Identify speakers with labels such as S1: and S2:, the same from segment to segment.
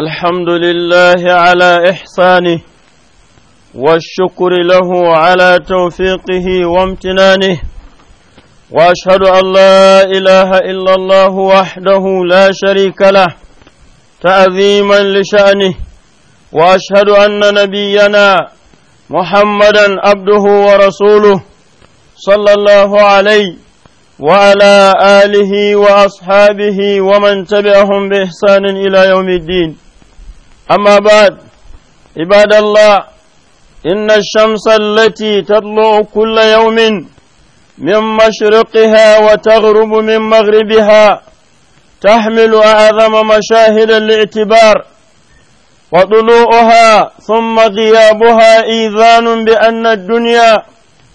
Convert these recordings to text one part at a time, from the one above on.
S1: الحمد لله على إحسانه والشكر له على توفيقه وامتنانه وأشهد أن لا إله إلا الله وحده لا شريك له تعظيما لشأنه وأشهد أن نبينا محمدا عبده ورسوله صلى الله عليه وعلى آله وأصحابه ومن تبعهم بإحسان إلى يوم الدين أما بعد عباد الله إن الشمس التي تطلع كل يوم من مشرقها وتغرب من مغربها تحمل أعظم مشاهد الاعتبار وطلوعها ثم غيابها إيذان بأن الدنيا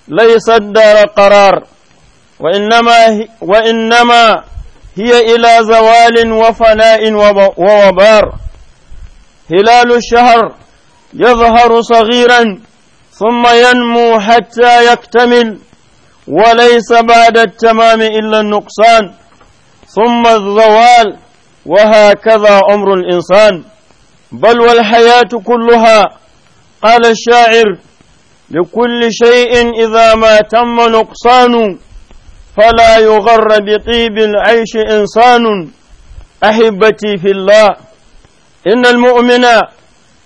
S1: ليست دار قرار وإنما وإنما هي إلى زوال وفناء ووبار هلال الشهر يظهر صغيرا ثم ينمو حتى يكتمل وليس بعد التمام إلا النقصان ثم الزوال وهكذا عمر الإنسان بل والحياة كلها قال الشاعر لكل شيء إذا ما تم نقصان فلا يغر بطيب العيش إنسان أحبتي في الله إن المؤمن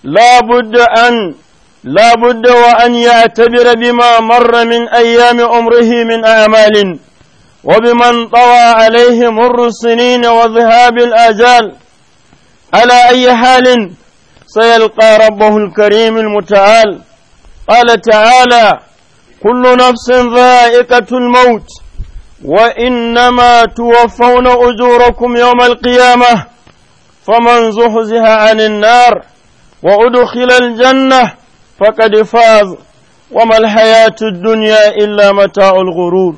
S1: لا بد أن لا بد وأن يعتبر بما مر من أيام عمره من أعمال
S2: وبمن طوى
S1: عليه مر السنين وذهاب الآجال على أي حال سيلقى ربه الكريم المتعال قال تعالى كل نفس ذائقة الموت وإنما توفون أجوركم يوم القيامة فمن زحزح عن النار وأدخل الجنة فقد فاز وما الحياة الدنيا إلا متاع الغرور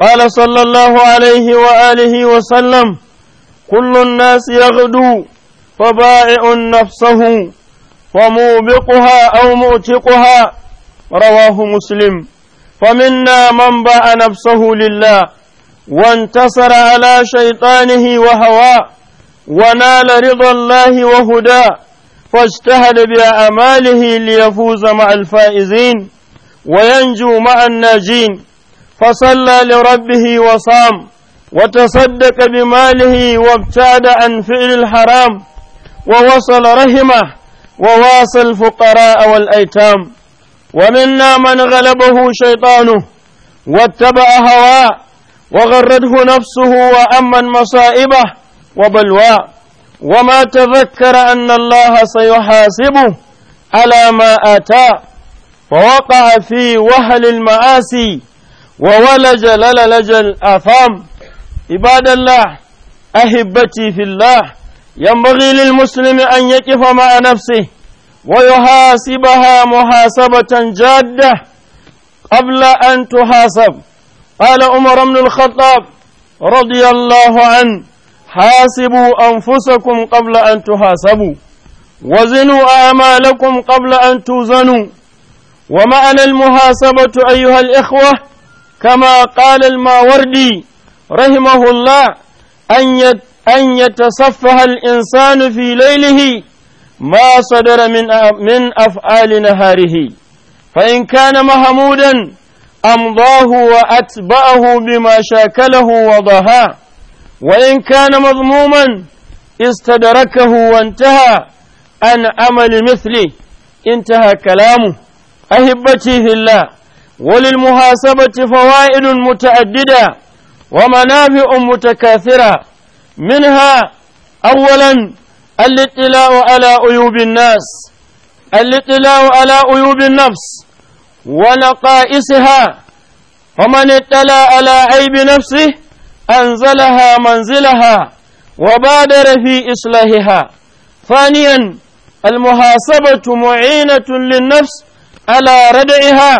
S1: قال صلى الله عليه وآله وسلم كل الناس يغدو فبائع نفسه وموبقها أو مؤتقها رواه مسلم فمنا من باع نفسه لله وانتصر على شيطانه وهواه ونال رضا الله وهداه واجتهد بأعماله ليفوز مع الفائزين وينجو مع الناجين فصلى لربه وصام وتصدق بماله وابتعد عن فعل الحرام ووصل رحمه وواصى الفقراء والأيتام ومنا من غلبه شيطانه واتبع هواه وغرته نفسه وأمن مصائبه وبلوى وما تذكر أن الله سيحاسبه على ما آتاه ووقع في وهل المآسي وولج للج الآثام عباد الله أحبتي في الله ينبغي للمسلم أن يقف مع نفسه ويحاسبها محاسبة جادة قبل أن تحاسب قال عمر بن الخطاب رضي الله عنه hasibu anfusakum qabla an tuhasabu wazinu a'malakum qabla an tuzanu wa ma'ana al-muhasabatu ayyuha al-ikhwa kama qala al-mawardi rahimahullah an أن يتصفح الإنسان في ليله ما صدر من من أفعال نهاره فإن كان مهمودا أمضاه وأتبعه بما شاكله وضهاه وإن كان مضموما استدركه وانتهى عن عمل مثله انتهى كلامه أهبتي في الله وللمحاسبة فوائد متعددة ومنافع متكاثرة منها أولا الاطلاع على عيوب الناس الاطلاع على عيوب النفس ونقائصها فمن اطلع على عيب نفسه أنزلها منزلها وبادر في إصلاحها ثانيا المحاسبة معينة للنفس على ردعها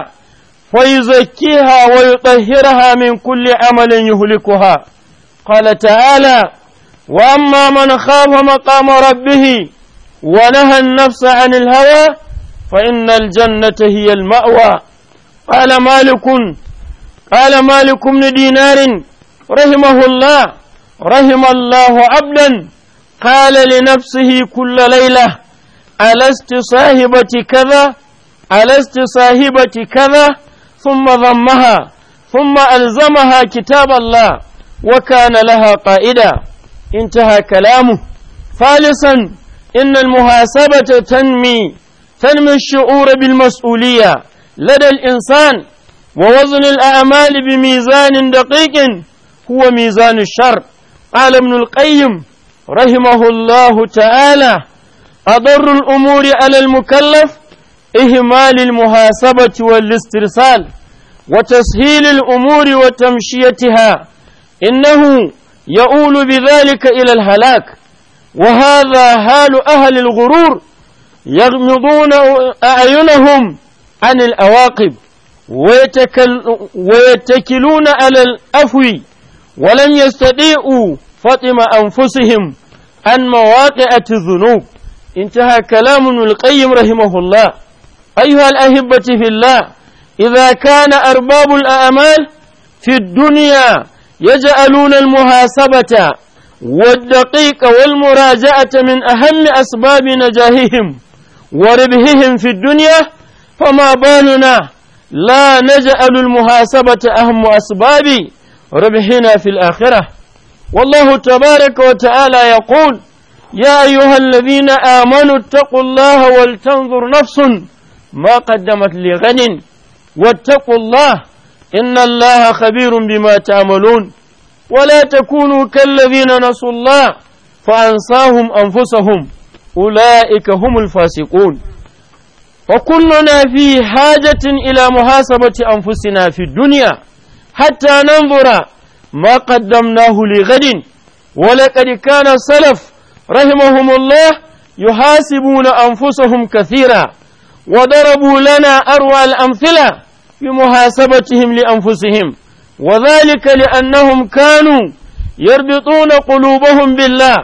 S1: ويزكيها ويطهرها من كل عمل يهلكها قال تعالى واما من خاف مقام ربه ونهى النفس عن الهوى فان الجنه هي الماوى قال مالك قال مالك بن دينار رحمه الله رحم الله عبدا قال لنفسه كل ليلة ألست صاحبة كذا ألست صاحبة كذا ثم ضمها ثم ألزمها كتاب الله وكان لها قائدا انتهى كلامه ثالثا إن المحاسبة تنمي تنمي الشعور بالمسؤولية لدى الإنسان ووزن الأعمال بميزان دقيق هو ميزان الشر قال ابن القيم رحمه الله تعالى أضر الأمور على المكلف إهمال المحاسبة والاسترسال وتسهيل الأمور وتمشيتها إنه يؤول بذلك إلى الهلاك وهذا حال أهل الغرور يغمضون أعينهم عن الأواقب ويتكلون على الأفوي ولم يستطيعوا فطم أنفسهم عن مواقعة الذنوب انتهى كلام ابن القيم رحمه الله أيها الأهبة في الله إذا كان أرباب الأعمال في الدنيا يجعلون المحاسبة والدقيق والمراجعة من أهم أسباب نجاحهم وربحهم في الدنيا فما بالنا لا نجعل المحاسبة أهم أسباب ربحنا في الآخرة والله تبارك وتعالى يقول يا أيها الذين آمنوا اتقوا الله ولتنظر نفس ما قدمت لغد واتقوا الله إن الله خبير بما تعملون ولا تكونوا كالذين نسوا الله فأنساهم أنفسهم أولئك هم الفاسقون وكلنا في حاجة إلى محاسبة أنفسنا في الدنيا حتى ننظر ما قدمناه لغد ولقد كان السلف رحمهم الله يحاسبون أنفسهم كثيرا وضربوا لنا أروع الأمثلة في محاسبتهم لأنفسهم وذلك لأنهم كانوا يربطون قلوبهم بالله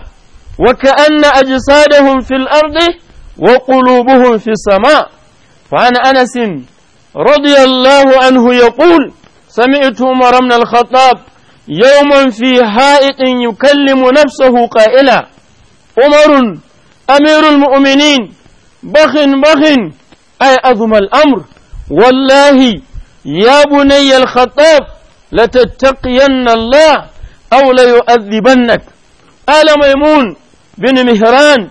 S1: وكأن أجسادهم في الأرض وقلوبهم في السماء فعن أنس رضي الله عنه يقول سمعت عمر بن الخطاب يوما في حائط يكلم نفسه قائلا عمر أمير المؤمنين بخ بخ أي أظم الأمر والله يا بني الخطاب لتتقين الله أو ليؤذبنك قال ميمون بن مهران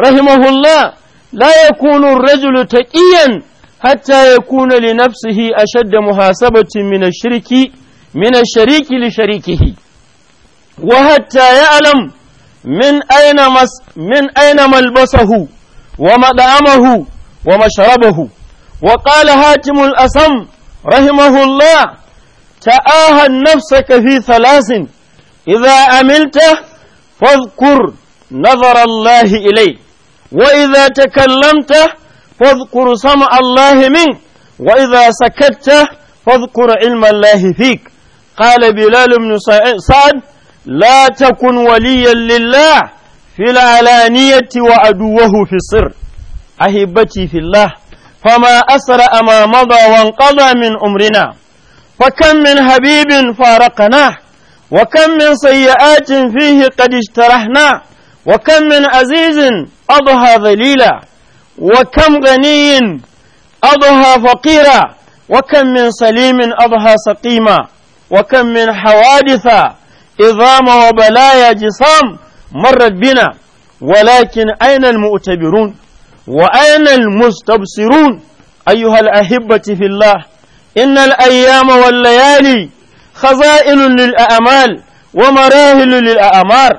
S1: رحمه الله لا يكون الرجل تقيا hatta ya kuna li nafsihi ashadda muhasabatin min shirki min shariki li sharikihi wa hatta ya'lam min aina min aina malbasahu wa mad'amahu wa masharabahu. wa qala hatim al-asam rahimahullah ta'ahan nafsaka Iza thalasin idha amilta fadhkur nazara Allah ilayk wa idha takallamta فاذكر سمع الله منك وإذا سكت فاذكر علم الله فيك قال بلال بن سعد لا تكن وليا لله في العلانية وعدوه في السر أهبتي في الله فما أسرأ ما مضى وانقضى من أمرنا فكم من حبيب فارقناه وكم من سيئات فيه قد اجترحناه وكم من عزيز أضحى ذليلا وكم غني أضحى فقيرا وكم من سليم أضحى سقيما وكم من حوادث إظام وبلايا جسام مرت بنا ولكن أين المؤتبرون وأين المستبصرون أيها الأحبة في الله إن الأيام والليالي خزائن للأعمال ومراهل للأعمار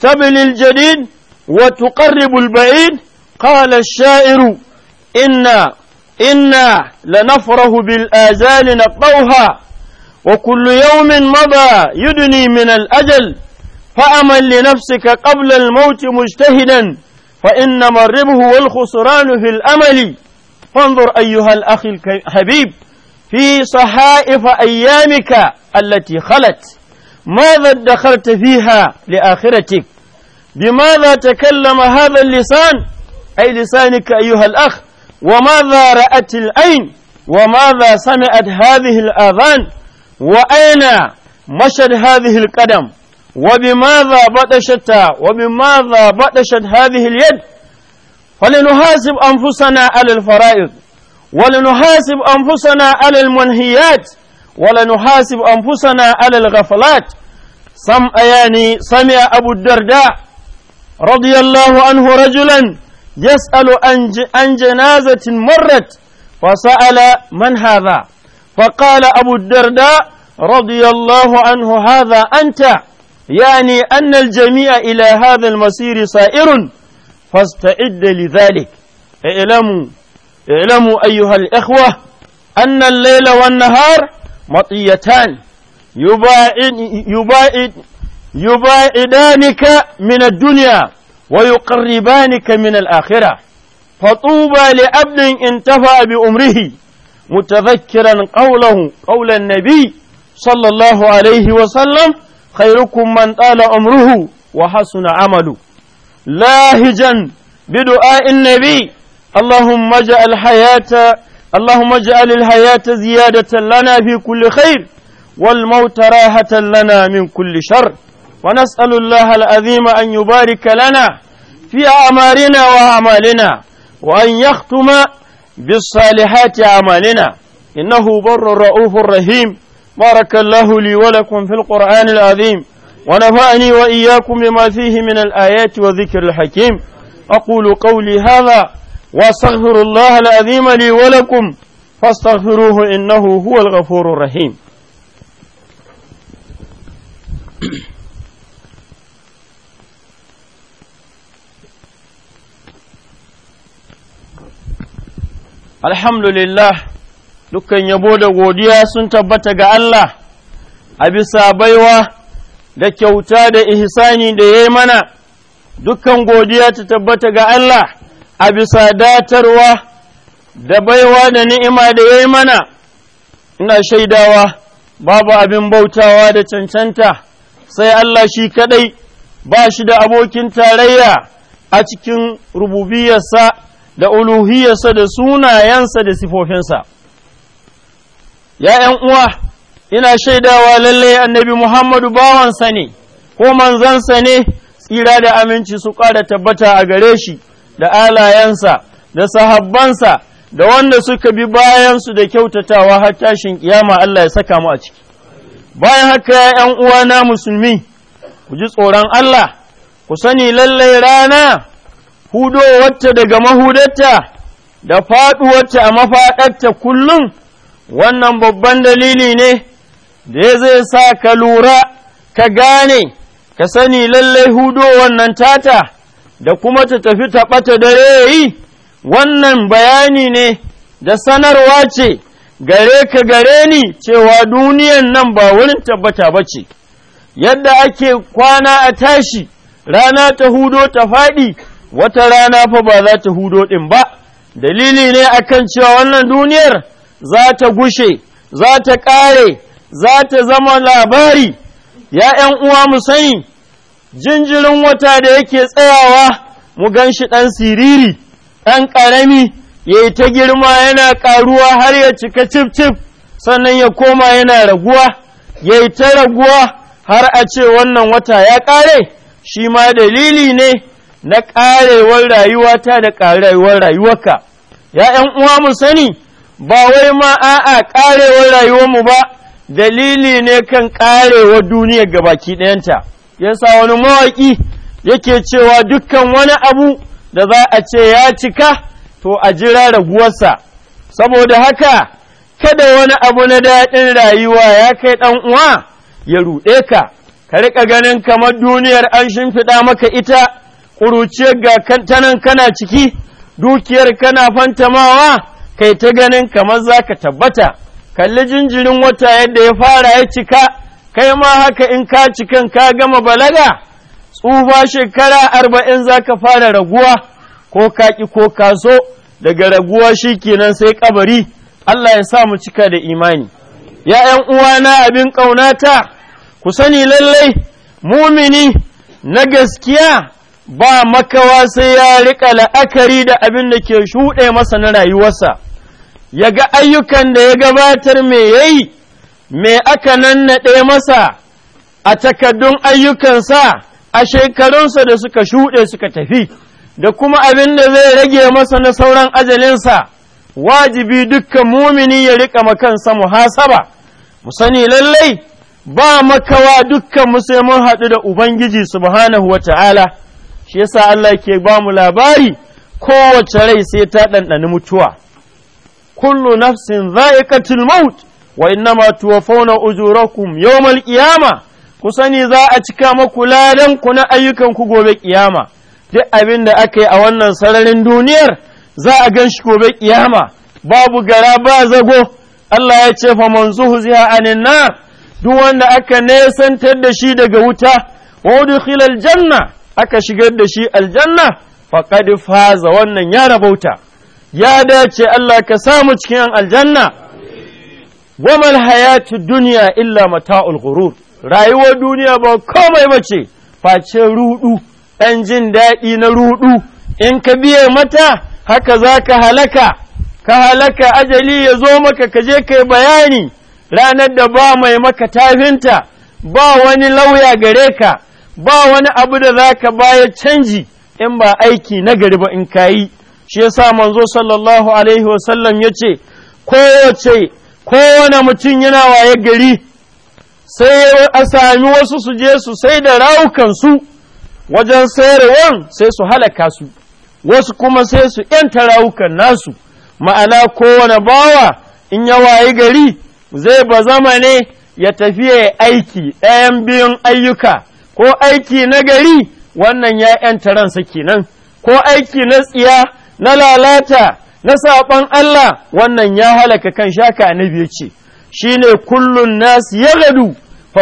S1: تبلي الجديد وتقرب البعيد قال الشاعر إنا إنا لنفره بالآزال نقضوها وكل يوم مضى يدني من الأجل فأمل لنفسك قبل الموت مجتهدا فإنما الربه والخسران في الأمل فانظر أيها الأخ الحبيب في صحائف أيامك التي خلت ماذا ادخرت فيها لآخرتك بماذا تكلم هذا اللسان أي لسانك أيها الأخ وماذا رأت العين وماذا سمعت هذه الآذان وأين مشت هذه القدم وبماذا بطشت وبماذا بطشت هذه اليد فلنحاسب أنفسنا على الفرائض ولنحاسب أنفسنا على المنهيات ولنحاسب أنفسنا على الغفلات سم يعني سمع أبو الدرداء رضي الله عنه رجلا يسأل عن جنازة مرت فسأل من هذا فقال أبو الدرداء رضي الله عنه هذا أنت يعني أن الجميع إلى هذا المسير سائر فاستعد لذلك اعلموا اعلموا أيها الإخوة أن الليل والنهار مطيتان يباعد يباعد يباعدانك من الدنيا wa ka min al-akhirah fatuba li abdin intafa bi umrihi mutadhakkiran qawlahu qawla an-nabi sallallahu alayhi wa sallam khayrukum man umruhu wa hasuna amalu lahijan بدعاء النبي اللهم اجعل الحياة اللهم اجعل الحياة زيادة لنا في كل خير والموت راحة لنا من كل شر ونسأل الله العظيم أن يبارك لنا في أعمارنا وأعمالنا وأن يختم بالصالحات أعمالنا إنه بر رؤوف رحيم بارك الله لي ولكم في القرآن العظيم ونفعني وإياكم بما فيه من الآيات وذكر الحكيم أقول قولي هذا واستغفر الله العظيم لي ولكم فاستغفروه إنه هو الغفور الرحيم alhamdulillah dukkan yabo da godiya sun tabbata ga Allah a bisa baiwa da kyauta da ihsani da ya mana dukkan godiya ta tabbata ga Allah a bisa datarwa da baiwa da ni'ima da ya mana ina shaidawa babu abin bautawa da cancanta sai Allah shi kaɗai ba shi da abokin tarayya a cikin rububiyarsa da uluhiyarsa da sunayensa da sifofinsa ya 'yan uwa ina shaidawa lalle annabi Muhammadu bawansa ne ko manzansa ne tsira da aminci su ƙara tabbata a gare shi da alayensa da sahabbansa da wanda suka bi bayansu da kyautatawa har tashin kiyama Allah ya saka mu a ciki bayan haka ya 'yan na musulmi ku ji tsoron Allah ku sani lallai rana hudowarta daga mahudarta da faɗuwarta a mafaɗarta kullum wannan babban dalili ne da zai sa ka lura ka gane ka sani lallai hudo wannan tata da kuma ta tafi taɓata dare yi wannan bayani ne da sanarwa ce gare ka gare ni cewa duniyan nan ba wurin tabbata ba ce yadda ake kwana a tashi rana ta hudo ta faɗi wata rana fa ba za ta hudo ɗin ba, dalili ne akan cewa wannan duniyar za ta gushe, za ta ƙare, za ta zama labari, ya ’yan uwa mu sani, jinjirin wata da yake tsayawa mu gan shi ɗan siriri, ɗan ƙarami, ya yi ta girma yana ƙaruwa har ya cika cif-cif, sannan ya koma yana raguwa, ya yi ta raguwa har a ce wannan wata ya ƙare, shi ma dalili ne. na ƙarewar rayuwata da ƙarewar rayuwarka ya uwa mu sani ba wai ma a'a ƙarewar rayuwarmu ba dalili ne kan ƙarewar duniyar gabaki ɗayanta yasa wani mawaƙi yake cewa dukkan wani abu da za a ce ya cika to a jira raguwarsa saboda haka kada wani abu na daɗin rayuwa ya kai ɗan uwa ya ruɗe ka ka riƙa ganin kamar duniyar an shimfiɗa maka ita ƙuruciyar ga nan kana ciki dukiyar kana fantamawa kai ta ganin kamar za ka tabbata kalli jinjirin wata yadda ya fara ya cika kai ma haka in ka cikan ka gama balaga tsufa shekara arba'in za ka fara raguwa ko kaƙi ko kaso daga raguwa shi kenan sai ƙabari. Allah ya sa mu cika da imani ya ‘yan uwana abin ƙaunata ku sani lallai mumini na gaskiya ba makawa sai ya riƙa la'akari da abin da ke shuɗe masa na rayuwarsa, ya ga ayyukan da ya gabatar me yi, me aka nannaɗe masa a takaddun ayyukansa a shekarunsa da suka shuɗe suka tafi, da kuma abin da zai rage masa na sauran ajalinsa, wajibi dukkan mumini ya riƙa makansa muhasaba, mu sani lallai ba makawa dukkan mu sai mun haɗu da Ubangiji subhanahu wa ta'ala. shi yasa Allah ke ba mu labari kowace rai sai ta ɗanɗani mutuwa kullu nafsin za'iqatul maut wa innama tuwaffawna ujurakum yawmal qiyama ku sani za a cika maku ladan na ayyukan ku gobe kiyama duk abin da aka yi a wannan sararin duniyar za a gan shi gobe ƙiyama. babu gara ba zago Allah ya ce fa man zuhziha anin nar duk wanda aka nesantar da shi daga wuta wa udkhila janna. aka shigar da shi aljanna faƙad faza wannan ya rabauta ya dace Allah ka samu cikin aljanna wamal hayatu duniya illa mata'ul ghurur rayuwar duniya ba komai bace face rudu ɗan jin daɗi na rudu in ka biye mata haka za ka halaka ka halaka ajali ya zo maka ka je kai bayani ranar da ba mai maka tafinta ba wani lauya gare ka ba wani abu da zaka bayar canji in ba aiki nagari ba in kayi shi yasa manzo sallallahu alaihi wasallam ya ce kowace kowane mutum yana waye gari sai a sami wasu su je su sai da rawukansu wajen sayarwan sai su halaka su wasu kuma sai su ‘yanta rawukan nasu ma'ana kowane bawa in ya waye gari zai ba zama ne ya tafi aiki ɗayan biyun ayyuka ko aiki na gari wannan ya ‘yanta ransa kenan, ko aiki na tsiya, na lalata, na saɓon Allah wannan ya halaka kan shaka biyu ce, shi ne kullun nasu ya gadu, fa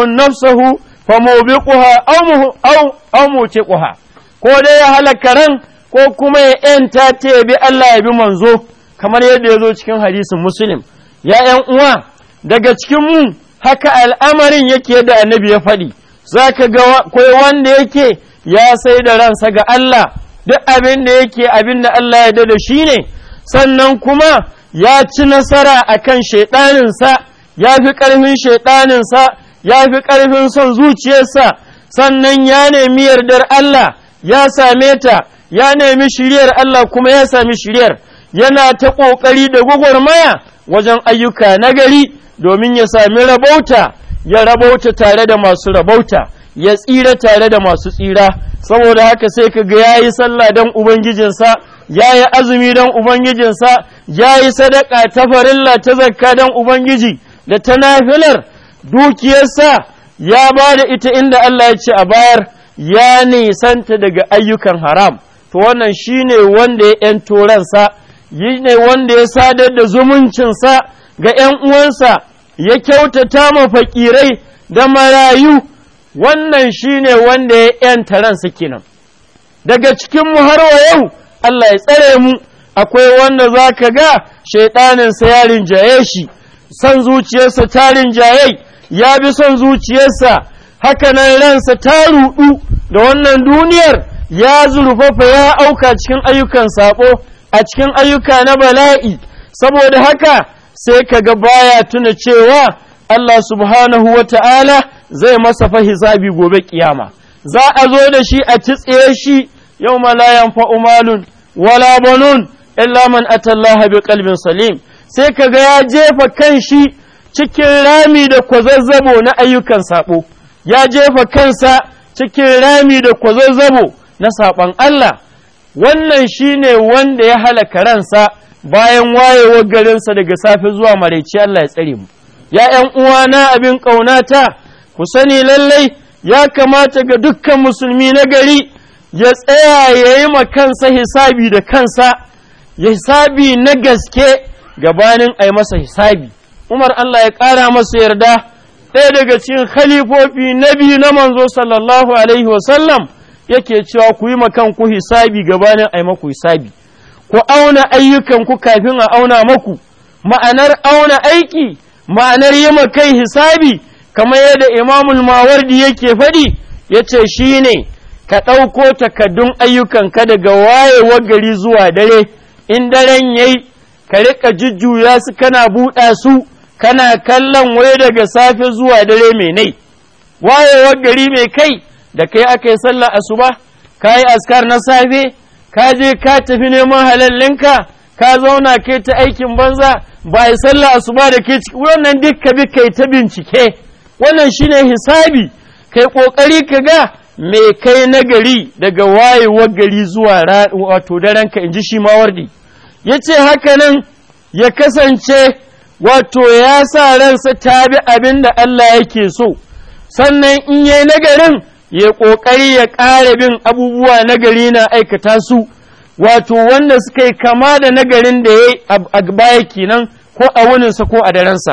S1: un nafsahu, fa mu ce mutiquha ko dai ya halaka ran ko kuma ya ‘yanta ta ya Allah ya bi manzo, kamar yadda ya zo cikin hadisin Musulun. Ya ‘yan uwa, daga cikin mu haka al'amarin yake da annabi ya faɗi. za ka ga kwai wanda yake ya sai da ransa ga Allah duk abin da yake abin da Allah ya da shi ne sannan kuma ya ci nasara a kan shaiɗaninsa ya fi ƙarfin shaiɗaninsa ya fi ƙarfin son zuciyarsa sannan ya nemi yardar Allah ya same ta ya nemi shiryar Allah kuma ya sami shiryar yana ta ƙoƙari da gwagwarmaya wajen ayyuka na gari domin ya sami rabauta ya rabauta tare da masu rabauta ya tsira tare da masu tsira saboda haka sai ka ga yayi sallah dan ubangijinsa yayi azumi dan ubangijinsa yayi sadaka ta farilla ta zakka dan ubangiji da ta nafilar dukiyarsa ya ba da ita inda Allah ya ce a bayar ya nisanta daga ayyukan haram to wannan shine wanda ya yan toransa, yi ne wanda ya sadar da zumuncinsa ga ‘yan uwansa ya kyautata ma fakirai da marayu wannan shine wanda ya ‘yanta ransa kenan. Daga cikinmu har wa yau, Allah ya tsare mu, akwai wanda za ka ga shaiɗaninsa ya rinjaye shi, son zuciyarsa ta rinjaye, ya bi son zuciyarsa, haka nan ransa ta ruɗu da wannan duniyar ya zurfafa ya auka cikin ayyukan saɓo a cikin ayyuka na bala'i, saboda haka sai kaga baya tuna cewa Allah subhanahu wa ta'ala zai masa fa hisabi gobe kiyama za a zo da shi a titse shi yau ma la yanfa'u malun wala banun illa man atallaha bi qalbin salim sai kaga ya jefa kanshi cikin rami da kwazazzabo na ayyukan sabo ya jefa kansa cikin rami da kwazazzabo na saɓon Allah, wannan shine wanda ya halaka ransa bayan wayewar garinsa daga safe zuwa maraici Allah ya tsare mu ya ’yan uwana abin ƙaunata ku sani lallai ya kamata ga dukkan musulmi na gari ya tsaya ya yi ma kansa hisabi da kansa ya hisabi na gaske gabanin a yi masa hisabi umar Allah ya ƙara masa yarda ɗaya daga cikin khalifofi na biyu na manzo sallallahu alaihi wasallam yake cewa ku yi ma kanku hisabi gabanin a yi maku hisabi ku auna ayyukanku kafin a auna maku ma'anar auna aiki ma'anar yi kai hisabi kamar yadda imamul mawardi yake faɗi ya ce shi ne ka ɗauko takaddun ka daga wayewar gari zuwa dare in daren yayi ka riƙa jujjuya su kana buɗa su kana kallon wai daga safe zuwa dare mai nai wayewar gari mai kai da kai aka yi sallah asuba ka yi askar na safe ka je ka tafi neman halallinka ka zauna ke ta aikin banza ba yi sallah ba da ke wannan duk ka bi kai ta bincike wannan shine hisabi kai ƙoƙari ka ga me kai nagari daga wayewar gari zuwa wato daren ka ji shi mawardi yace haka nan ya kasance wato ya sa ransa tabi abin da Allah yake so sannan in yayi nagarin ya ƙoƙari ya ƙara bin abubuwa nagari na aikata su wato wanda suka yi kama da nagarin da ya yi a baya kenan ko a wuninsa ko a darensa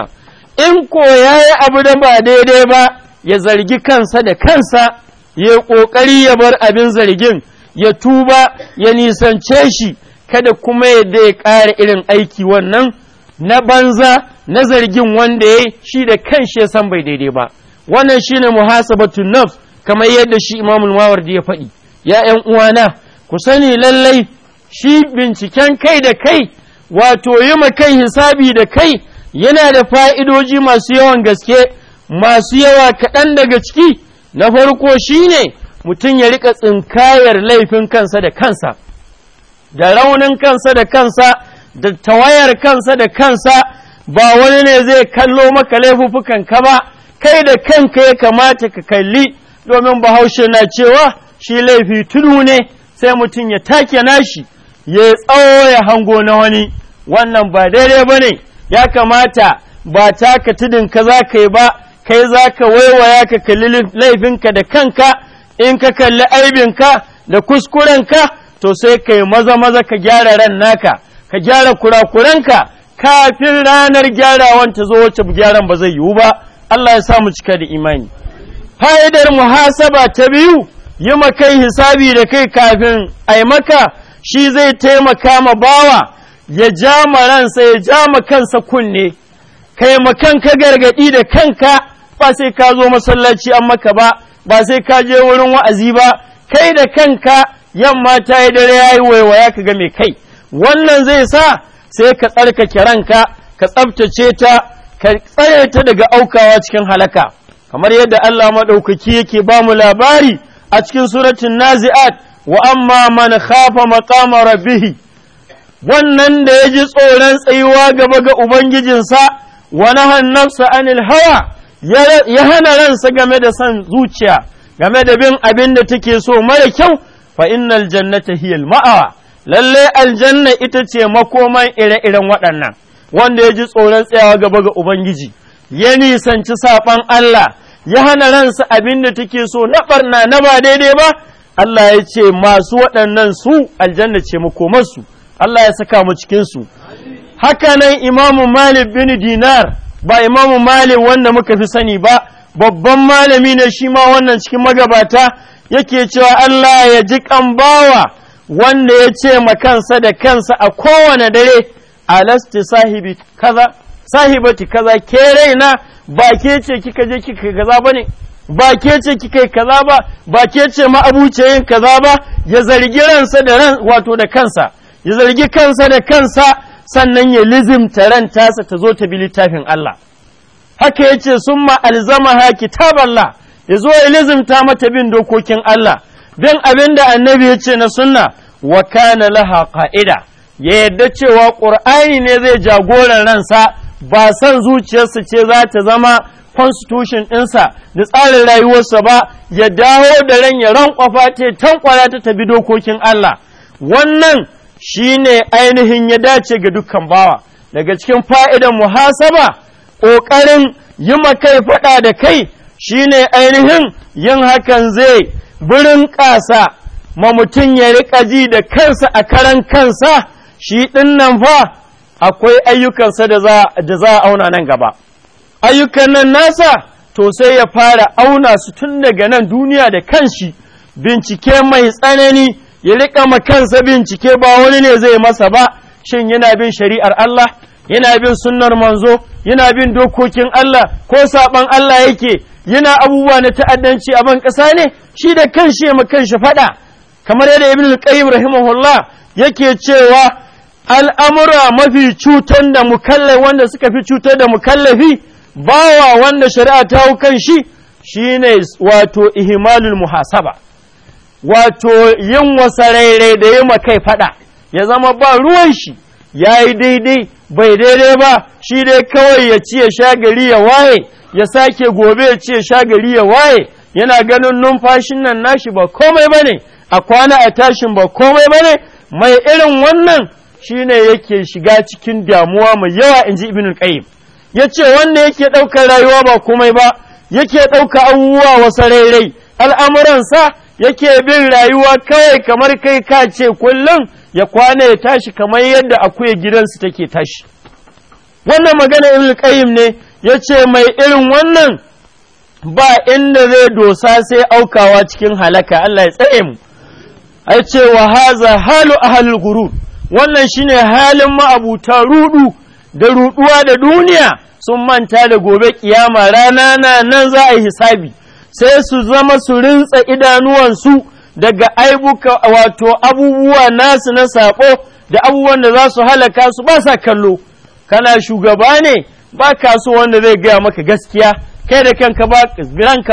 S1: in ko ya yi abu da ba daidai ba ya zargi kansa da kansa ya ƙoƙari ya bar abin zargin ya tuba ya nisance shi kada kuma ya da ya ƙara irin aiki wannan na banza na zargin wanda ya yi shi da kanshi ya san bai daidai ba wannan shine muhasabatu nafs kamar yadda shi imamul mawardi ya faɗi ya ‘yan uwana ku sani lallai shi binciken kai da kai wato yi ma kai hisabi da kai yana da fa'idoji masu yawan gaske masu yawa kaɗan daga ciki na farko shi ne mutum ya riƙa tsinkayar laifin kansa da kansa da raunin kansa da kansa da tawayar kansa da kansa ba wani ne zai kallo maka laifuffukan ka ba kai da kanka ya kamata ka kalli domin bahaushe na cewa shi laifi tudu ne sai mutum ya take nashi ya tsawo ya hango na wani wannan ba daidai ba ne ya kamata ba taka tudun ka za ka yi ba kai za ka waiwaya ka kalli laifinka da kanka in ka kalli aibinka da kuskurenka to sai ka yi maza maza ka gyara ran naka ka gyara kurakuranka kafin ranar gyarawan ta zo wacce gyaran ba zai yiwu ba Allah ya sa mu cika da imani fa'idar muhasaba ta biyu yi makai hisabi da kai kafin aimaka maka shi zai taimaka ma bawa ya ja ma ransa ya ja ma kansa kunne kai ka gargadi da kanka ba sai ka zo masallaci an maka ba ba sai ka je wurin wa'azi ba kai da kanka yamma ta yi dare ya yi waiwaya ka ga mai kai wannan zai sa sai ka tsarkake ranka ka tsabtace ta ka tsare ta daga aukawa cikin halaka kamar yadda Allah maɗaukaki yake ba mu labari a cikin suratun nazi'at wa amma man khafa maqama rabbihi wannan da ya ji tsoron tsayuwa gaba ga ubangijinsa wa nahan nafsa anil hawa ya hana ransa game da san zuciya game da bin abin da take so mara kyau fa innal jannata hiyal ma'awa lalle aljanna ita ce makoman ire-iren waɗannan wanda ya ji tsoron tsayawa gaba ga ubangiji ya nisanci saɓan Allah ya hana ransa abin da take so na barna na ba daidai ba Allah ya ce masu waɗannan su aljanna ce makomarsu Allah ya saka mu cikinsu haka nan imamu malik bin dinar ba imamu malik wanda muka fi sani ba babban malami ne shi ma wannan cikin magabata yake cewa Allah ya ji bawa wanda ya ce ma kansa da kansa a kowane dare alasti sahibi kaza sahibati kaza ke raina ba ke ce kika je kika kaza bane ba ke ce kika yi kaza ba ba ke ce ma yin kaza ba ya zargi ransa da ran wato da kansa ya zargi kansa da kansa sannan ya lizimta ran tasa ta zo ta bi littafin Allah haka yace summa alzamaha kitaballah ya zo ya lizimta mata bin dokokin Allah bin abinda annabi ya ce na sunna wa kana laha qa'ida ya yadda cewa qur'ani ne zai jagoran ransa ba son zuciyarsa ce za ta zama constitution ɗinsa da tsarin rayuwarsa ba ya dawo da ran ya rankwafa ta tankwara ta tabi dokokin Allah wannan shi ne ainihin ya dace ga dukkan bawa daga cikin fa'idan muhasaba ƙoƙarin yi kai faɗa da kai shi ne ainihin yin hakan zai birin ƙasa ma mutum ya riƙa ji da kansa a karan kansa shi ɗin nan fa akwai ayyukansa da za a auna nan gaba ayyukan nan nasa to sai ya fara auna su tun daga nan duniya da kanshi bincike mai tsanani ya riƙa ma kansa bincike ba wani ne zai masa ba shin yana bin shari'ar Allah yana bin sunnar manzo yana bin dokokin Allah ko saɓan Allah yake yana abubuwa na ta'addanci a ban ƙasa ne shi da kanshi ma kanshi faɗa kamar yadda ibn qayyim rahimahullah yake cewa al'amura mafi cutar da mukallai wanda suka fi cutar da mukallafi bawa wanda shari'a ta hau kan shi ne wato ihimalul muhasaba wato yin wasa rairai da yi kai fada ya zama ba ruwan shi ya yi daidai bai daidai ba shi dai kawai ya ci ya gari ya waye ya sake gobe ya ci ya ya waye yana ganin numfashin nan nashi ba komai ba ne, a kwana a tashin ba komai ba ne, mai irin wannan shine yake shiga cikin damuwa mai yawa in ji ibn qayyim yace wanda yake ɗaukar rayuwa ba komai ba yake ɗauka abubuwa wasu rairai al'amuransa yake bin rayuwa kawai kamar kai ka ce kullum ya kwana ya tashi kamar yadda akuya gidansu take tashi wannan magana ibn qayyim ne yace mai irin wannan ba inda zai dosa sai aukawa cikin halaka Allah ya tsaye mu ai ce wa haza halu ahlul ghurur wannan shi ne halin ma'abuta rudu da ruduwa da duniya sun manta da gobe kiyama rana na nan za a yi hisabi sai su zama su rintsa idanuwansu daga aibuka wato abubuwa nasu na saɓo da abubuwan da za su halaka su ba sa kallo kana shugaba ne ba kasu wanda zai gaya maka gaskiya kai da kanka ba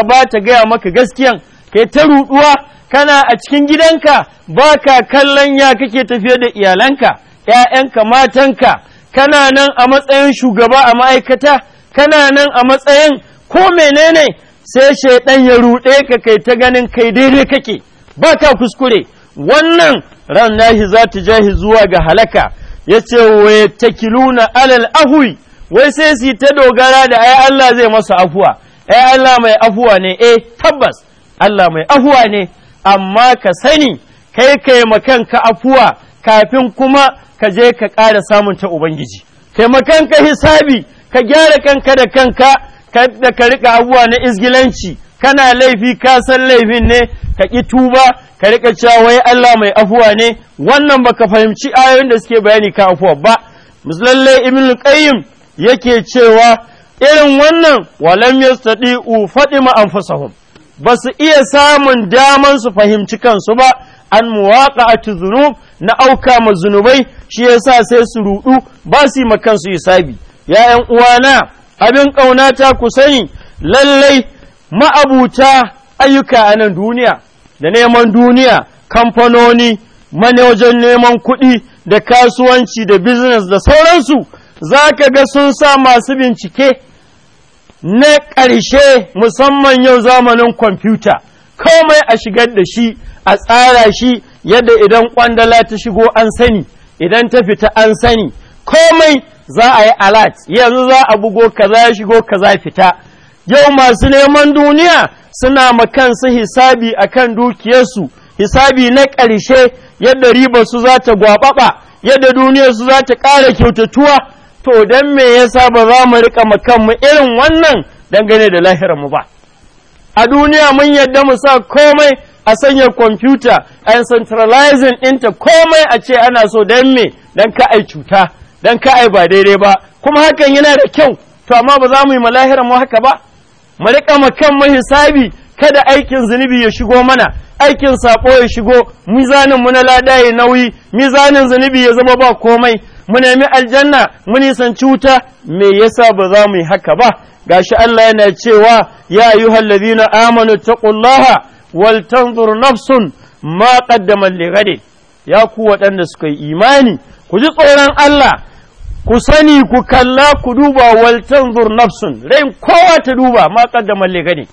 S1: ba ta gaya maka gaskiyan kai ta ruduwa kana a cikin gidanka ba ka kallon ya kake tafiye da iyalanka ‘ya'yanka matanka kana nan a matsayin shugaba a ma'aikata kana nan a matsayin ko menene sai shaidan ya ruɗe ka kai ta ganin kai daidai kake ba ka kuskure wannan ran nahi za ta jahi zuwa ga halaka ya ce wa alal ahuwi. wai sai su ta dogara da ai Allah zai masu afuwa ai Allah mai afuwa ne eh tabbas Allah mai afuwa ne amma ka sani kai kai makanka afuwa kafin kuma ka je ka ƙara samun ta ubangiji kai makanka hisabi ka gyara kanka da kanka da ka rika abuwa na izgilanci kana laifi ka san laifin ne ka ƙi tuba ka rika cewa wai Allah mai afuwa ne wannan baka fahimci ayoyin da suke bayani ka afuwa ba Musulallai ibn qayyim yake cewa irin wannan walam yastadi'u fadima anfusahum ba su iya samun daman su fahimci kansu ba an a zunub na auka ma zunubai shi ya sa sai su rudu ba su ma kansu hisabi ya ƴan uwana abin ƙaunata ku sani lallai ma'abuta ayyuka a nan duniya da neman duniya kamfanoni manajan neman kuɗi da kasuwanci da business da sauransu za ka ga sun sa masu bincike na ƙarshe musamman yau zamanin kwamfuta komai a shigar da shi a tsara shi yadda idan ƙwandala ta shigo an sani idan ta fita an sani komai za a yi alat yanzu za a bugo kaza ya shigo kaza fita yau masu neman duniya suna makansu hisabi a kan dukiyarsu hisabi na ƙarshe yadda ribarsu su za ta gwaɓaɓa yadda duniyar su za ta ƙara kyautatuwa to dan me yasa ba za mu riƙa mu irin wannan dangane da mu ba a duniya mun yadda mu sa komai a sanya kwamfuta a centralizing ɗinta komai a ce ana so dan me don ka ai cuta don ka ai ba daidai ba kuma hakan yana da kyau to amma ba za mu yi malahirar mu haka ba mu riƙa makan mu hisabi kada aikin zunubi ya shigo mana aikin sako ya shigo mizanin mu na lada ya nauyi mizanin zunubi ya zama ba komai mu nemi aljanna mu nisanci wuta me yasa ba za mu yi haka ba gashi Allah yana cewa ya ayyuhal ladina amanu taqullaha wal tanzur nafsun ma qaddamat lighadin ya ku waɗanda suka yi imani ku ji tsoron Allah ku sani ku kalla ku duba wal tanzur nafsun rain kowa ta duba ma qaddamat lighadin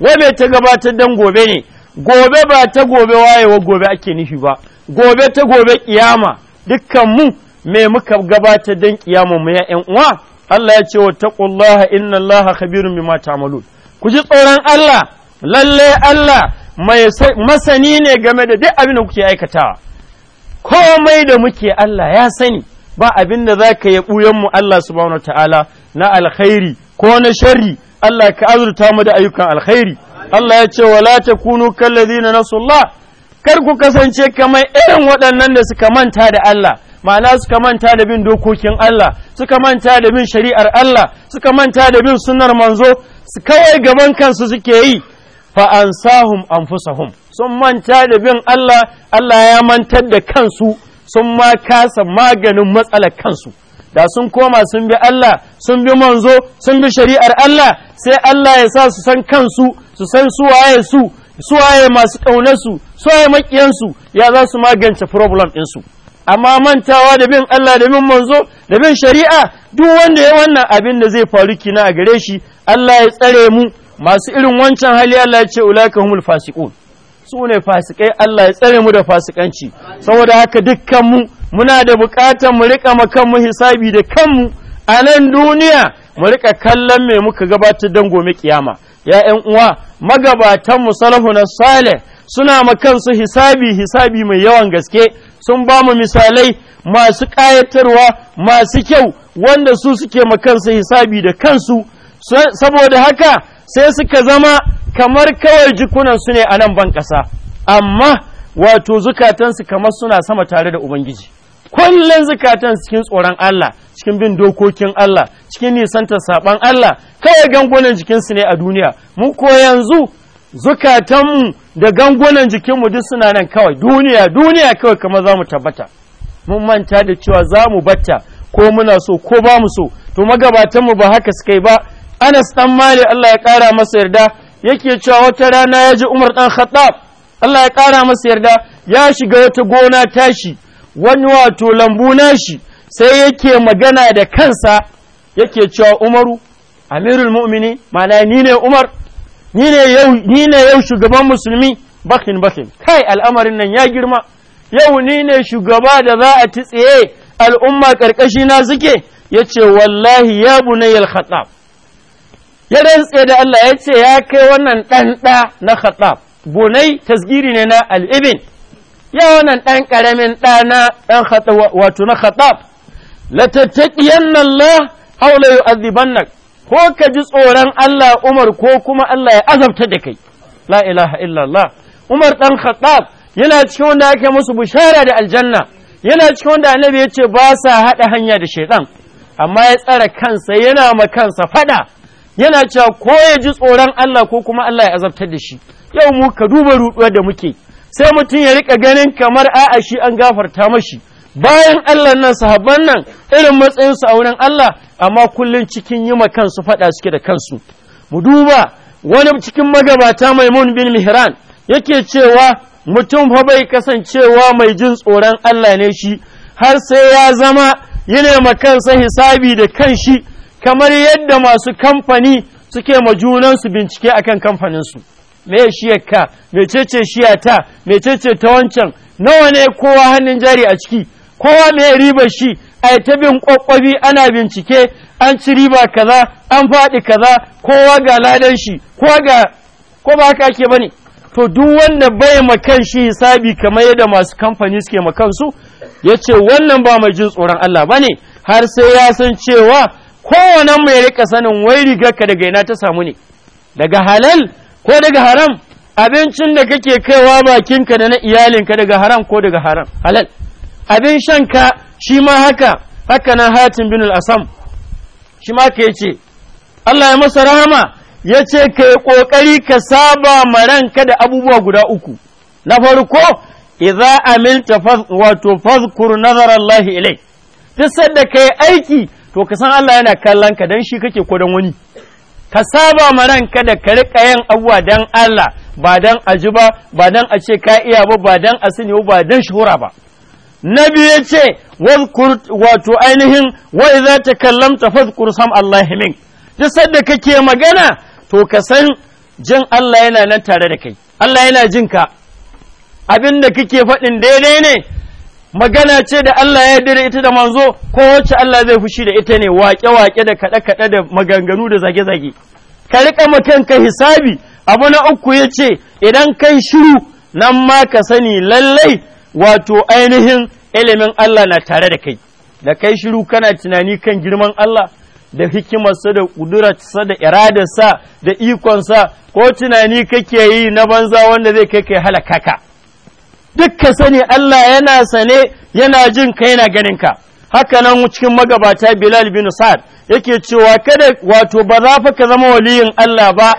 S1: wai me ta gabatar dan gobe ne gobe ba ta gobe wayewa gobe ake nufi ba gobe ta gobe kiyama dukkan mu me muka gabata dan kiyamun mu ya ƴan uwa Allah ya ce wa taqullaha inna Allaha khabirun bima ta'malun ku ji tsoron Allah lalle Allah mai masani ne game da duk abin da kuke aikatawa komai da muke Allah ya sani ba abin da zaka ya buyan mu Allah subhanahu ta'ala na alkhairi ko na sharri Allah ka azurta mu da ayyukan alkhairi Allah ya ce wala takunu kallazina nasullah kar ku kasance kamar irin waɗannan da suka manta da Allah ma'ana suka manta da bin dokokin Allah suka manta da bin shari'ar Allah suka manta da bin sunnar manzo su kawai gaban kansu suke yi fa ansahum anfusahum sun manta da bin Allah Allah ya mantar da kansu sun ma kasa maganin matsalar kansu da sun koma sun bi Allah sun bi manzo sun bi shari'ar Allah sai Allah ya sa su san kansu su san waye su waye masu ƙaunarsu waye makiyansu ya za su magance problem ɗinsu. su amma mantawa da bin Allah da bin manzo da bin shari'a duk wanda ya wannan abin da zai faru kina a gare shi Allah ya tsare mu masu irin wancan hali Allah ya ce ulaka humul fasiqun su ne fasikai Allah ya tsare mu da fasikanci saboda haka dukkan mu muna da buƙatar mu rika makan mu hisabi da kanmu a nan duniya mu rika kallon me muka gabatar dan gome kiyama ya ƴan uwa magabatan mu na Sale suna makan su hisabi hisabi mai yawan gaske sun ba mu misalai masu ƙayatarwa masu kyau wanda su suke makansa hisabi da kansu saboda haka sai suka zama kamar kawai jikunansu ne a nan ban ƙasa amma wato zukatansu kamar suna sama tare da ubangiji kullum zukatan cikin tsoron Allah cikin bin dokokin Allah cikin nisantar saban Allah kawai gangunan jikinsu ne a duniya mu ko yanzu zukatanmu da gangunan jikinmu duk suna nan kawai duniya duniya kawai kama za mu tabbata mun manta da cewa za mu batta ko muna so ko ba mu so to magabatanmu ba haka suka yi ba anas dan mali Allah ya kara masa yarda yake cewa wata rana ya ji umar ɗan khattab Allah ya kara masa yarda ya shiga wata gona tashi wani wato lambu nashi sai yake magana da kansa yake cewa umaru amirul mu'mini ma'ana ni ne umar ni ne yau shugaban musulmi bakin bakin kai al'amarin nan ya girma yau ni ne shugaba da za a ci tsaye al'umma ƙarƙashi na suke yace wallahi ya bunayyal khatab ya rantse da Allah ya ce ya kai wannan ɗan ɗa na khatab bunai tasgiri ne na al'ibin ya wannan dan karamin ɗana dan wato na khatab la tattaqiyanna Allah aw yu'adhibannak ko ka ji tsoron Allah Umar ko kuma Allah ya azabta da kai la ilaha illallah Umar dan Khattab yana cikin wanda yake musu bishara da aljanna yana cikin wanda annabi ya ce ba sa haɗa hanya da shaitan amma ya tsara kansa yana ma kansa faɗa yana cewa ko ya ji tsoron Allah ko kuma Allah ya azabtar da shi yau mu ka duba ruɗuwar da muke sai mutum ya rika ganin kamar a'a shi an gafarta mashi bayan Allah nan sahabban nan irin matsayinsu a wurin Allah amma kullum cikin yi ma kansu faɗa suke da kansu mu duba wani cikin magabata maimun bin mihran yake cewa mutum fa bai kasancewa mai jin tsoron Allah ne shi har sai ya zama yana ma kansa hisabi da kanshi kamar yadda masu kamfani suke ma junansu bincike akan kamfaninsu me shi yakka mecece shiyata mecece ta wancan nawa ne kowa hannun jari a ciki kowa mai ribar shi a yi ta bin kwakwabi ana bincike an ci riba kaza an faɗi kaza kowa ga ladan shi kowa ga ko ba haka ake bane to duk wanda bai ma shi hisabi kamar yadda masu kamfani suke ma su, ya ce wannan ba mai jin tsoron Allah bane har sai ya san cewa kowanan mai rika sanin wai rigarka daga ina ta samu ne daga halal ko daga haram abincin da kake kaiwa bakinka da na iyalinka daga haram ko daga haram halal abin shanka shi ma haka haka nan hatin bin al’asam asam shi ma ka yace Allah ya masa rahama ya ce ka yi ƙoƙari ka saba ma ranka da abubuwa guda uku na farko idza amilta wato fazkur nazarar Allah ilai duk sadda yi aiki to ka san Allah yana kallon ka dan shi kake ko dan wani ka saba ma ranka da ka riƙa yin abuwa dan Allah ba dan aji ba ba dan a ce ka iya ba ba dan a sani ba dan shuhura ba na biyu ya ce wato ainihin wai za ta kallamta fadkur sam Allah min duk sadda kake magana to ka san jin Allah yana nan tare da kai Allah yana jin ka abin da kake faɗin daidai ne magana ce da Allah ya dire ita da manzo ko wacce Allah zai fushi da ita ne waƙe-waƙe da kaɗe-kaɗe da maganganu da zage-zage ka riƙa ma ka hisabi abu na uku ya ce idan kai shiru nan ma ka sani lallai wato ainihin ilimin Allah na tare da kai da kai shiru kana tunani kan girman Allah da hikimarsa da ƙudurarsa da iradarsa da ikonsa ko tunani kake yi na banza wanda zai kai kai halaka ka duk sani Allah yana sane yana jin ka yana ganin ka haka nan cikin magabata Bilal bin Sa'ad yake cewa kada wato ba za fa ka zama waliyin Allah ba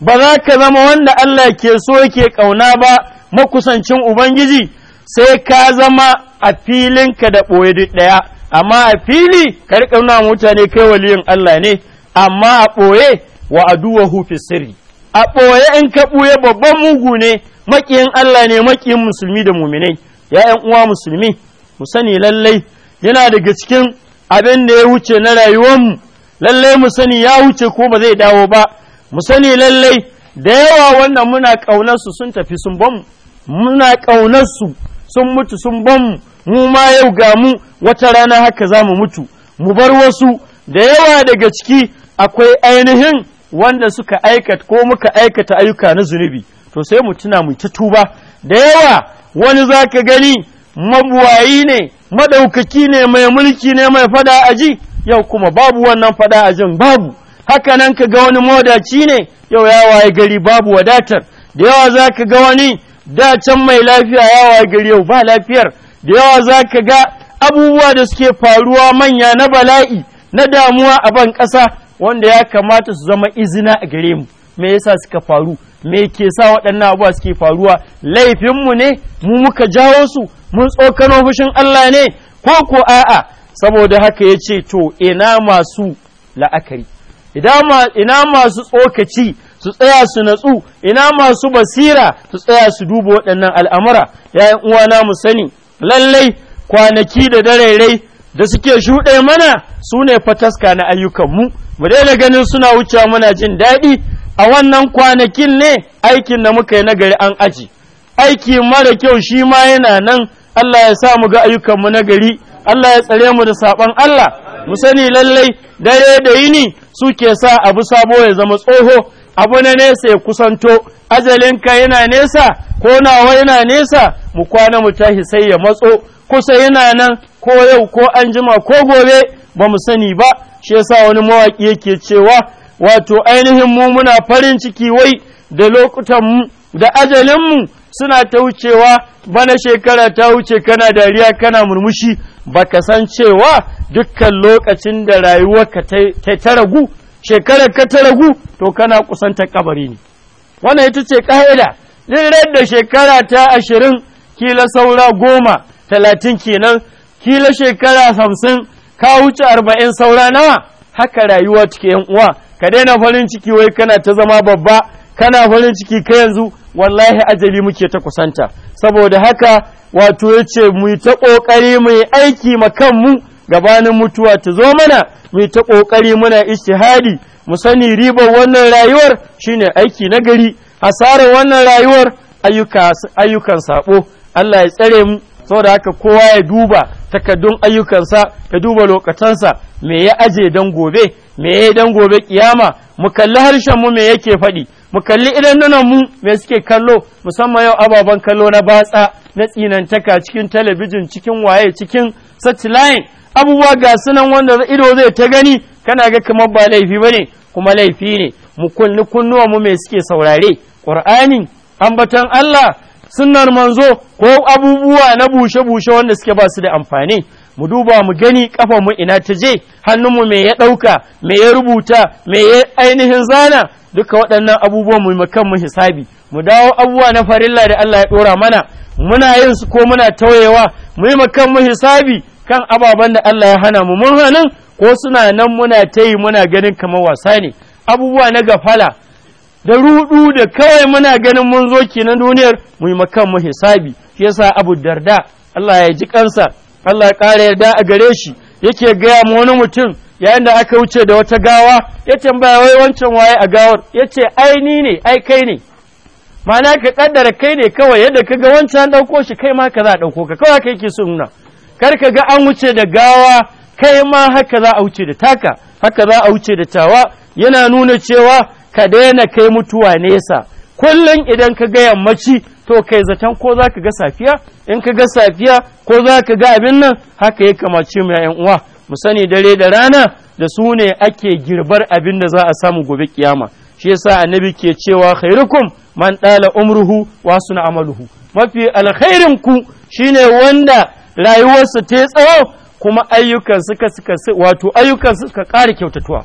S1: ba za ka zama wanda Allah ke so yake ƙauna ba makusancin Ubangiji sai ka zama a filin ka da ɓoye duk ɗaya, amma a fili ka riƙa nuna mutane kai waliyin Allah ne, amma a ɓoye wa aduwa hufi sirri. A ɓoye in ka ɓoye babban mugu ne, maƙiyin Allah ne maƙiyin musulmi da muminai, ‘ya'yan uwa musulmi, mu sani lallai yana daga cikin abin da ya wuce na rayuwarmu, lallai mu sani ya wuce ko ba zai dawo ba, mu sani lallai da yawa wannan muna ƙaunarsu sun tafi sun bamu. muna ƙaunarsu sun mutu sun ban mu ma yau ga mu wata rana haka za mu mutu mu bar wasu da yawa daga ciki akwai ainihin wanda suka aikata ko muka aikata ayyuka na zunubi to sai mu tuna mu ta tuba da yawa wani za ka gani mabuwayi ne maɗaukaki ne mai mulki ne mai fada ji? yau kuma babu wannan fada ajin babu haka nan ka ga wani modaci ne yau ya waye gari babu wadatar da yawa za ka ga wani da can mai lafiya yawa gari yau ba lafiyar da yawa za ka ga abubuwa da suke faruwa manya na bala'i na damuwa a ban ƙasa wanda ya kamata su zama izina a gare mu me yasa suka faru me ke sa waɗannan abubuwa suke faruwa laifinmu ne mu muka jawo su mun tsokano fushin Allah ne ko ko a'a saboda haka ya ce to ina masu la'akari ina masu tsokaci su tsaya su natsu ina masu basira su tsaya su duba waɗannan al'amura yayin uwana mu sani lallai kwanaki da darairai da suke shuɗe mana su ne fataska na ayyukanmu mu daina ganin suna wucewa muna jin daɗi a wannan kwanakin ne aikin da muka yi nagari an aji aiki mara kyau shi ma yana nan Allah ya sa mu ga ayyukanmu nagari Allah ya tsare mu da saɓon Allah mu sani lallai dare da yini suke sa abu sabo ya zama tsoho abu na nesa ya kusanto ajalinka yana nesa ko nawa yana nesa mu kwana mu tashi sai ya matso kusa yana nan ko yau ko an jima ko gobe ba mu sani ba shi yasa wani mawaƙi yake cewa wato ainihin mu muna farin ciki wai da lokutan mu da ajalinmu suna ta wucewa bana shekara ta wuce kana dariya kana murmushi baka san cewa dukkan lokacin da rayuwarka ta ragu shekarar ka ta ragu to kana kusantar kabari ne wannan ita ce ƙa'ida zai da shekara ta ashirin kila saura goma talatin kenan kila shekara hamsin ka wuce arba'in saura nawa haka rayuwa cike yan uwa ka daina farin ciki wai kana ta zama babba kana farin ciki ka yanzu wallahi ajali muke ta kusanta saboda haka wato yace ce mu ta ƙoƙari mu yi aiki ma kanmu gabanin mutuwa ta zo mana mu ta ƙoƙari muna ishtihadi mu sani ribar wannan rayuwar shine aiki na gari hasarar wannan rayuwar ayyukan sabo Allah ya tsare mu saboda haka kowa ya duba takaddun ayyukansa ya duba lokatansa me ya aje dan gobe me ya dan gobe ƙiyama? mu kalli harshen mu me yake faɗi mu kalli idan nuna mu me suke kallo musamman yau ababen kallo na batsa na tsinantaka cikin talabijin cikin waye cikin satellite abubuwa ga sunan wanda ido zai ta gani kana ga kamar ba laifi bane kuma laifi ne mu kunni kunnuwa mu me suke saurare qur'ani ambatan Allah sunnar manzo ko abubuwa na bushe-bushe wanda suke ba su da amfani mu duba mu gani kafa mu ina ta je Hannun mu me ya ɗauka me ya rubuta me ya ainihin zana duka waɗannan abubuwan mu kan mu hisabi mu dawo abubuwa na farilla da Allah ya ɗora mana muna yin su ko muna tawayewa mu yi kan mu hisabi kan ababen da Allah ya hana mu mun hanin ko suna nan muna ta yi muna ganin kamar wasa ne abubuwa na gafala da rudu da kawai muna ganin mun zo kenan duniyar mu yi makan mu hisabi shi yasa Abu Darda Allah ya ji kansa Allah ya ƙara yarda a gare shi yake gaya mu wani mutum yayin da aka wuce da wata gawa ya tambaya wai wancan waye a gawar ya ce ai ni ne ai kai ne ma'ana ka kaddara kai ne kawai yadda ka ga wancan ɗauko shi kai ma ka za a ɗauko ka kawai kai ke so nuna kar ka ga an wuce da gawa kai ma haka za a wuce da taka haka za a wuce da tawa yana nuna cewa ka daina kai mutuwa nesa kullum idan ka ga yammaci to kai zaton ko za ka ga safiya in ka ga safiya ko za ka ga abin nan haka ya kamace mu yayan uwa mu sani dare da rana da su ne ake girbar abin da za a samu gobe kiyama shi yasa annabi ke cewa khairukum man dala umruhu wa na amaluhu mafi alkhairin ku shine wanda rayuwarsa ta tsawo kuma ayyukan suka suka wato ayyukan suka ƙara kyautatuwa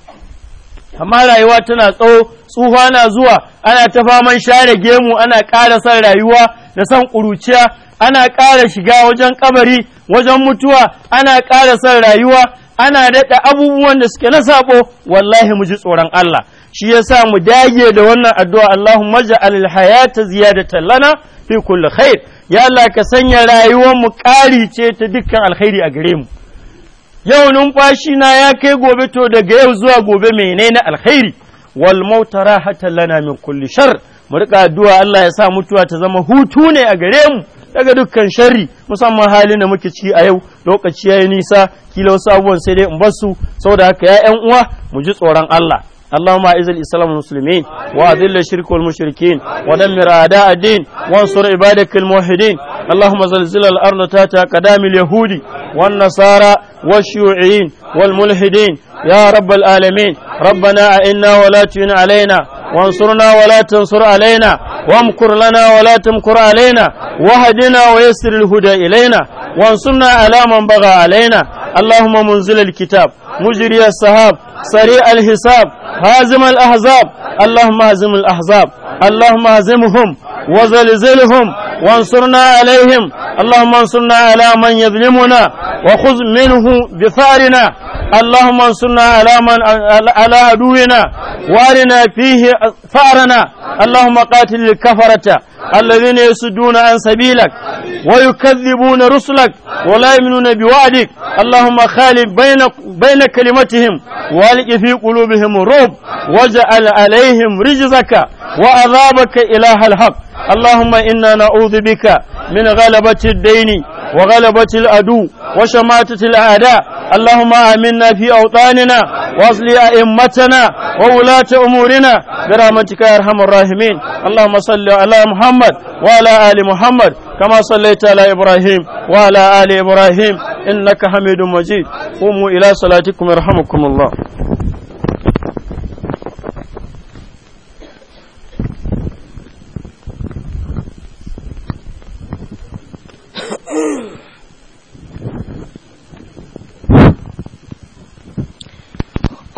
S1: amma rayuwa tana tsawo tsufa na zuwa ana ta faman share gemu ana ƙara son rayuwa da son ƙuruciya ana ƙara shiga wajen kabari wajen mutuwa ana ƙara son rayuwa ana daɗa abubuwan da suke na saɓo, wallahi mu ji tsoron Allah shi yasa mu dage da wannan addu'a Allahumma ja'alil hayata ziyadatan lana fi kulli khair ya Allah ka sanya rayuwarmu ƙari ce ta dukkan alkhairi a gare mu yau numfashi na ya kai gobe to daga yau zuwa gobe menene alkhairi wal mauta rahatan lana min kulli shar mu rika addu'a Allah ya sa mutuwa ta zama hutu ne a gare mu daga dukkan sharri musamman halin da muke ciki a yau lokaci yayi nisa kila wasu abubuwan sai dai in bar su saboda haka ya ƴan uwa mu ji tsoron Allah اللهم اعز الاسلام والمسلمين واذل الشرك والمشركين ودمر اعداء الدين وانصر عبادك الموحدين اللهم زلزل الارض تحت اقدام اليهود والنصارى والشيوعيين والملحدين يا رب العالمين ربنا أئنا ولا تهن علينا وانصرنا ولا تنصر علينا وامكر لنا ولا تمكر علينا وهدنا ويسر الهدى إلينا وانصرنا على من بغى علينا اللهم منزل الكتاب مجري السحاب سريع الحساب هازم الأحزاب اللهم هازم الأحزاب اللهم هازمهم وزلزلهم وانصرنا عليهم اللهم انصرنا على من يظلمنا وخذ منه بثارنا اللهم انصرنا على من على عدونا وارنا فيه ثارنا اللهم قاتل الكفرة الذين يسدون عن سبيلك ويكذبون رسلك ولا يؤمنون بوعدك اللهم خالف بين بين كلمتهم والق في قلوبهم الرعب واجعل عليهم رجزك وعذابك إله الحق اللهم إنا نعوذ أعوذ بك من غلبة الدين وغلبة الأدو وشماتة الأعداء اللهم آمنا في أوطاننا واصل أئمتنا وولاة أمورنا برحمتك يا أرحم الراحمين اللهم صل على محمد وعلى آل محمد كما صليت على إبراهيم وعلى آل إبراهيم إنك حميد مجيد قوموا إلى صلاتكم يرحمكم الله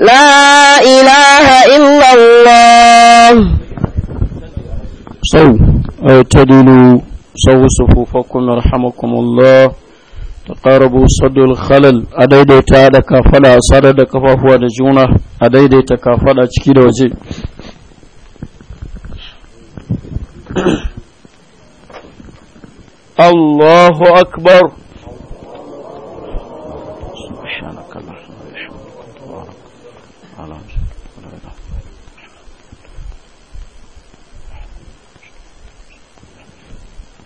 S1: لا إله إلا الله صو اعتدلوا صو صفوفكم يرحمكم الله تقاربوا صد الخلل أديدي تعالى كافلا أصار دكفا هو دجونة أديدي تكافلا تشكيد وزي الله أكبر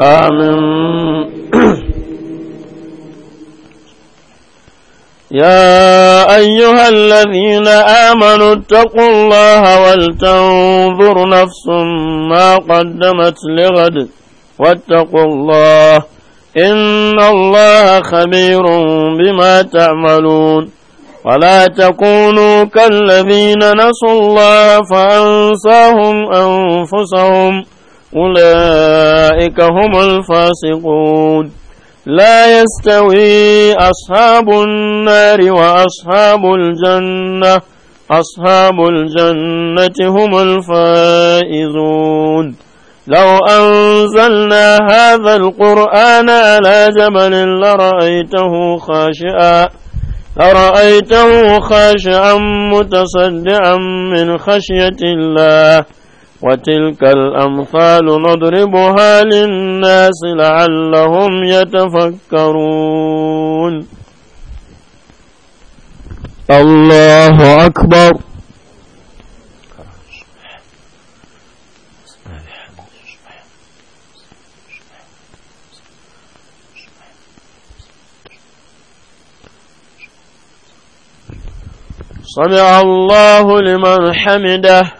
S1: آمين يا أيها الذين آمنوا اتقوا الله ولتنظر نفس ما قدمت لغد واتقوا الله إن الله خبير بما تعملون ولا تكونوا كالذين نسوا الله فأنساهم أنفسهم أولئك هم الفاسقون لا يستوي أصحاب النار وأصحاب الجنة أصحاب الجنة هم الفائزون لو أنزلنا هذا القرآن على جبل لرأيته خاشعا لرأيته خاشعا متصدعا من خشية الله وتلك الأمثال نضربها للناس لعلهم يتفكرون الله أكبر سمع الله لمن حمده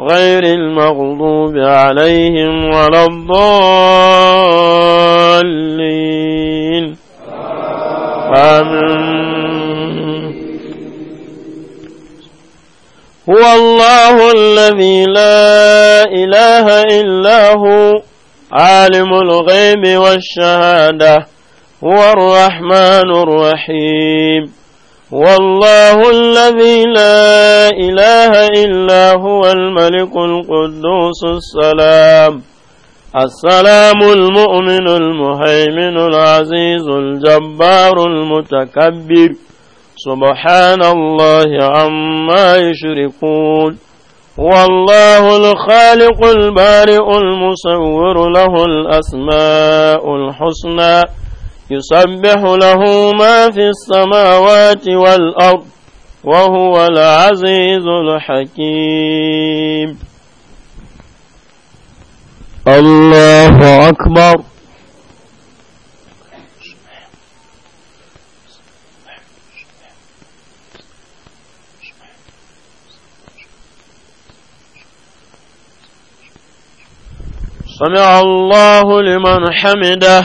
S1: غير المغضوب عليهم ولا الضالين آمين
S2: هو الله
S1: الذي لا إله إلا هو عالم الغيب والشهادة هو الرحمن الرحيم والله الذي لا إله إلا هو الملك القدوس السلام السلام المؤمن المهيمن العزيز الجبار المتكبر سبحان الله عما يشركون والله الخالق البارئ المصور له الأسماء الحسنى يسبح له ما في السماوات والأرض وهو العزيز الحكيم الله أكبر سمع الله لمن حمده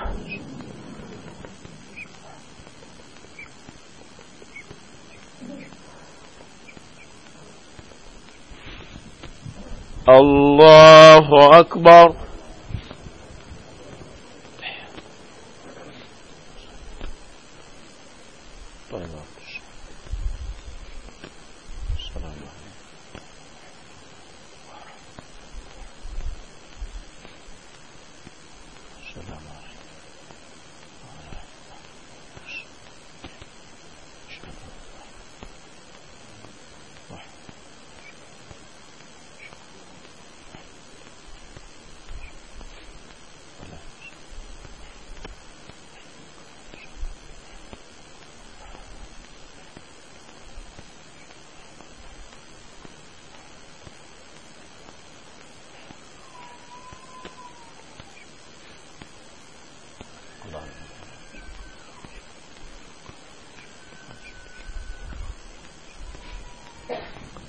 S1: الله أكبر